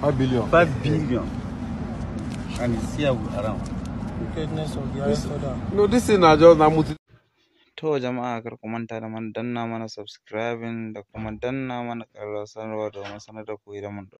Five billion. Five billion. And it's here around. of the No, this is not just a To jama'a kar ku manta da man danna mana subscribing da kuma danna mana ƙararrawar sanarwa domin sanar da ku idan